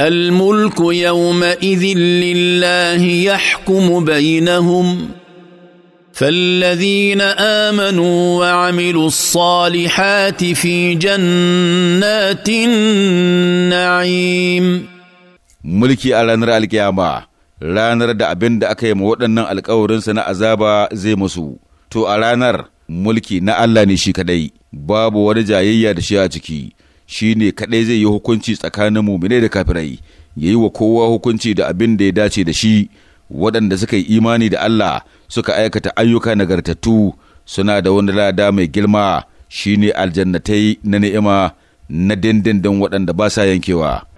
الملك يومئذ لله يحكم بينهم فالذين امنوا وعملوا الصالحات في جنات النعيم mulki a ranar alkiyama ranar da abin da aka yi ma waɗannan alkawarinsa na azaba zai masu to a ranar mulki na Allah ne shi kaɗai babu wani jayayya da shi a ciki shi ne kaɗai zai yi hukunci tsakanin muminai da kafirai ya yi wa kowa hukunci da abin da ya dace da shi waɗanda suka yi imani da Allah suka aikata ayyuka nagartattu suna da wani lada mai girma shi ne aljannatai na ni'ima na dindindin waɗanda ba sa yankewa.